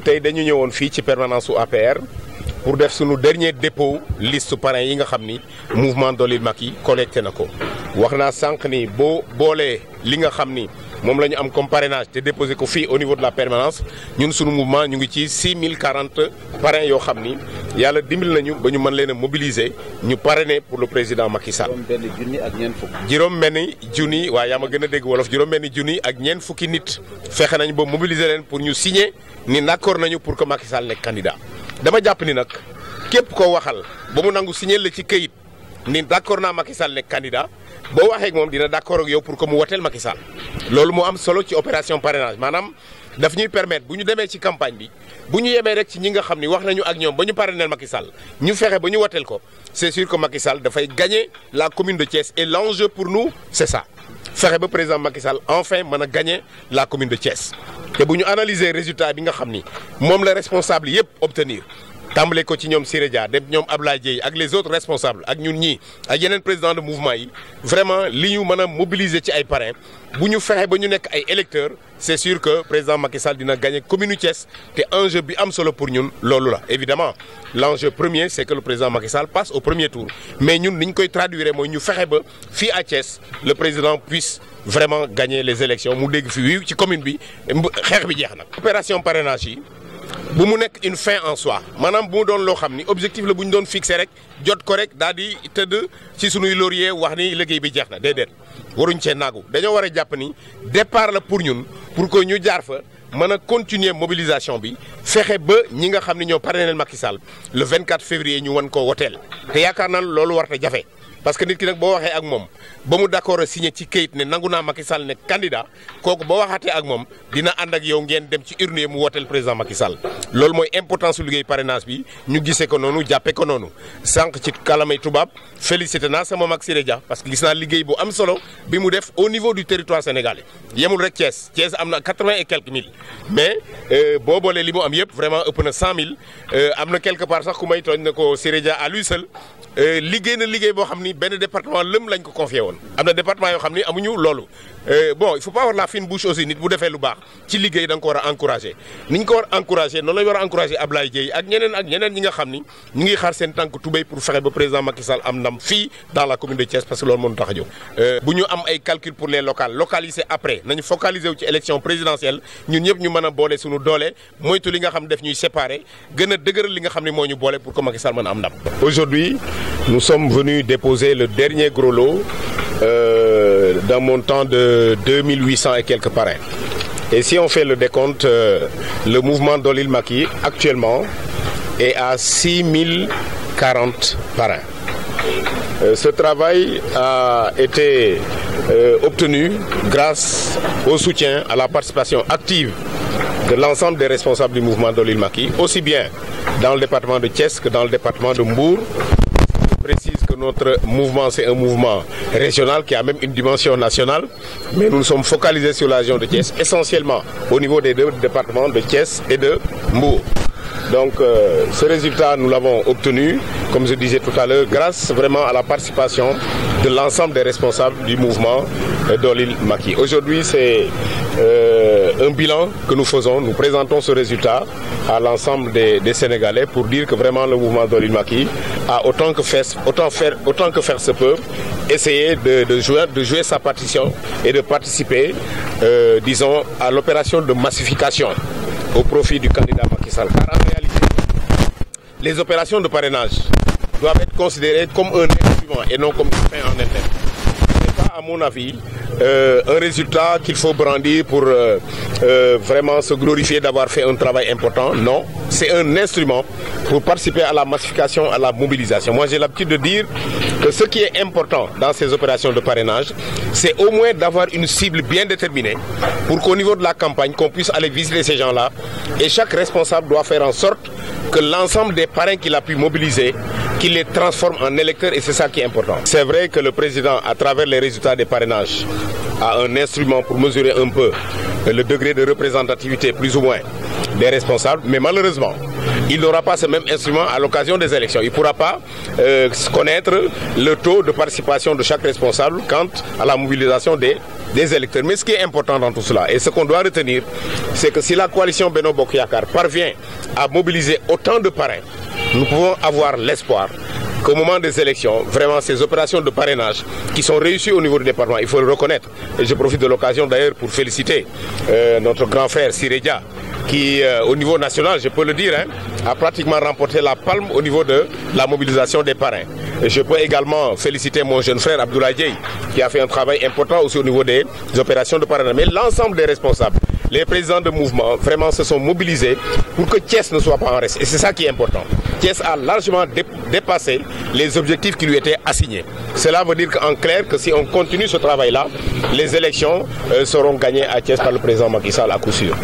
tey dañu ñëwoon fii ci permanence APR pour def suñu dernier dépôt liste parrain yi nga xam ni mouvement Dolil Macky collecté na ko wax naa sànq ni boo boolee li nga xam ni moom la ñu am comme parrainage te déposé ko fii au niveau de la permanence ñun suñu mouvement ñu ngi ci 6040 parrains yoo xam ni yàlla dimbil nañu ba ñu mën leen a mobiliser ñu parrainer pour le président Macky Sall. juróom-benni junni ak ñeent fukk. juróom-benni junni waaye yaa ma gën dégg wolof juróom-benni junni ak ñeen fukki nit fexe nañ ba mobiliser leen pour ñu signer ni d'accord nañu pour que Macky Sall nekk candidat. dama jàpp ni nag képp koo waxal ba mu nangu signer la ci këyit ni d'accord naa Macky Sall nekk boo waxee ak moom dina d'accord ak yow pour que mu woteel Macky Sall loolu mu am solo ci opération parrainage maanaam daf ñuy permettre bu ñu ci campagne bi bu ñu yemee rek ci ñi nga xam ni wax nañu ak ñoom ba Macky Sall c'est sûr que Macky Sall dafay gagner la commune de Thiès et l'enjeu pour nous c'est ça Faire ba président Macky Sall enfin gagner la commune de Thiès te bu analyser résultat bi nga xam ni la obtenir tàmbale ko ci ñom Siré Dia dem ak les autres responsables ak ñun ñi ak yenen président de mouvement yi vraiment li ñu mëna a mobiliser ci ay parrain bu ñu fexé ba ñu nek ay électeurs c'est sûr que président Macky Sall dina gagner commune Thiès un enjeu bi am solo pour ñun lolu la évidemment l'enjeu premier c'est que le président Macky Sall passe au premier tour mais ñun nous allons koy traduire nous ñu fexé ba fi à Thiès le président puisse vraiment gagner les élections mu dégg fi wii ci commune bi xex bi jeex nak opération parrainage bu mu une fin en soi manam bu mu doon loo objectif la buñ ñu doon fixé rek jot ko rek daal di tëdd ci sunuy laurier wax ni liggéey bi jeex na déedéet waruñ ci naagu dañoo wara japp ni départ la pour ñun pour que ñu jaar fa mëna continuer mobilisation bi fexé ba ñi nga xamni ñoo parrainé Macky Sall le 24 février ñu wan ko hôtel. te yaakaar naa loolu war na parce que nit ki nag boo waxee ak mom ba mu d'accord signé ci keuyit né nangu Macky Sall ne candidat koku bo waxaté ak mom dina ànd ak yow ngeen dem ci urne mu wooteel président Macky Sall loolu moy importance liguey parrainage bi ñu gissé ko noonu jappé ko noonu sank ci kalamay tubaab félicité à sama mag Siré Dia parce que gis na liguey bu am solo bi mu def au niveau du territoire sénégalais yemul rek Thiès Thiès amna 80 et quelques mille mais euh, boo boolee li mu am yépp vraiment ëpp na 100 mille euh, am na quelque part sax ku may tooñ na ko Dia à lui seul euh, liguey na liguey bo xam ben département lëm lañ ko confié won amna département yo xamni amuñu lolu euh bon il faut pas avoir la fine bouche aussi nit bu défé lu baax ci liguey da nga ko war a ni ko wara encourager non noonu lañ encourager. a Ablaye djey ak ñeneen ak ñeneen yi nga xamni ni ñu ngi xaar seen tank toubay pour faire ba président Macky Sall am ndam fi dans la commune de Thiès parce que loolu mënu tax euh buñu am ay calcul pour les locales localiser après nañu focaliser wu ci élection présidentielle ñun ñëpp ñu mëna bolé suñu doolé moytu li nga xam def ñuy séparer gëna dëgeural li nga xamni moñu bolé pour que Macky Sall mëna am ndam aujourd'hui nous sommes venus déposer le dernier gros lot euh, d'un montant de 2800 et quelques parrains. Et si on fait le décompte, euh, le mouvement Dolil Maki actuellement est à 6040 parrains. Euh, ce travail a été obtenu grâce au soutien, à la participation active de l'ensemble des responsables du mouvement Dolil Maki, aussi bien dans le département de Thiès que dans le département de Mbour. Notre mouvement, c'est un mouvement régional qui a même une dimension nationale, mais nous sommes focalisés sur la région de Thiès, essentiellement au niveau des deux départements de Thiès et de Mou. Donc euh, ce résultat, nous l'avons obtenu, comme je disais tout à l'heure, grâce vraiment à la participation de l'ensemble des responsables du mouvement euh, d'Olil Maki. Aujourd'hui, c'est euh, un bilan que nous faisons. Nous présentons ce résultat à l'ensemble des, Sénégalais pour dire que vraiment le mouvement d'Olil Maki a autant que faire, autant faire, autant que faire se peut, essayer de, jouer, de jouer sa partition et de participer, disons, à l'opération de massification au profit du candidat Macky Sall. Car en réalité, les opérations de parrainage doivent être considérées comme un instrument et non comme une fin en interne à mon avis, euh, un résultat qu'il faut brandir pour euh, euh, vraiment se glorifier d'avoir fait un travail important. Non, c'est un instrument pour participer à la massification, à la mobilisation. Moi, j'ai l'habitude de dire que ce qui est important dans ces opérations de parrainage, c'est au moins d'avoir une cible bien déterminée pour qu'au niveau de la campagne, qu'on puisse aller visiter ces gens-là. Et chaque responsable doit faire en sorte que l'ensemble des parrains qu'il a pu mobiliser, qu'il les transforme en électeurs. Et c'est ça qui est important. C'est vrai que le président, à travers les résultats, des parrainages à un instrument pour mesurer un peu le degré de représentativité plus ou moins des responsables, mais malheureusement, il n'aura pas ce même instrument à l'occasion des élections. Il pourra pas euh, connaître le taux de participation de chaque responsable quant à la mobilisation des, des électeurs. Mais ce qui est important dans tout cela, et ce qu'on doit retenir, c'est que si la coalition Beno Bokyakar parvient à mobiliser autant de parrains, nous pouvons avoir l'espoir qu'au moment des élections, vraiment ces opérations de parrainage qui sont réussies au niveau du département, il faut le reconnaître. Et je profite de l'occasion d'ailleurs pour féliciter euh, notre grand frère Sireja qui, euh, au niveau national, je peux le dire, hein, a pratiquement remporté la palme au niveau de la mobilisation des parrains. Je peux également féliciter mon jeune frère Abdoulaye qui a fait un travail important aussi au niveau des opérations de parrainage. Mais l'ensemble des responsables, les présidents de mouvement, vraiment se sont mobilisés pour que Thiès ne soit pas en reste. Et c'est ça qui est important. Thiès a largement dépassé les objectifs qui lui étaient assignés. Cela veut dire en clair que si on continue ce travail-là, les élections euh, seront gagnées à Thiès par le président Macky Sall à coup sûr.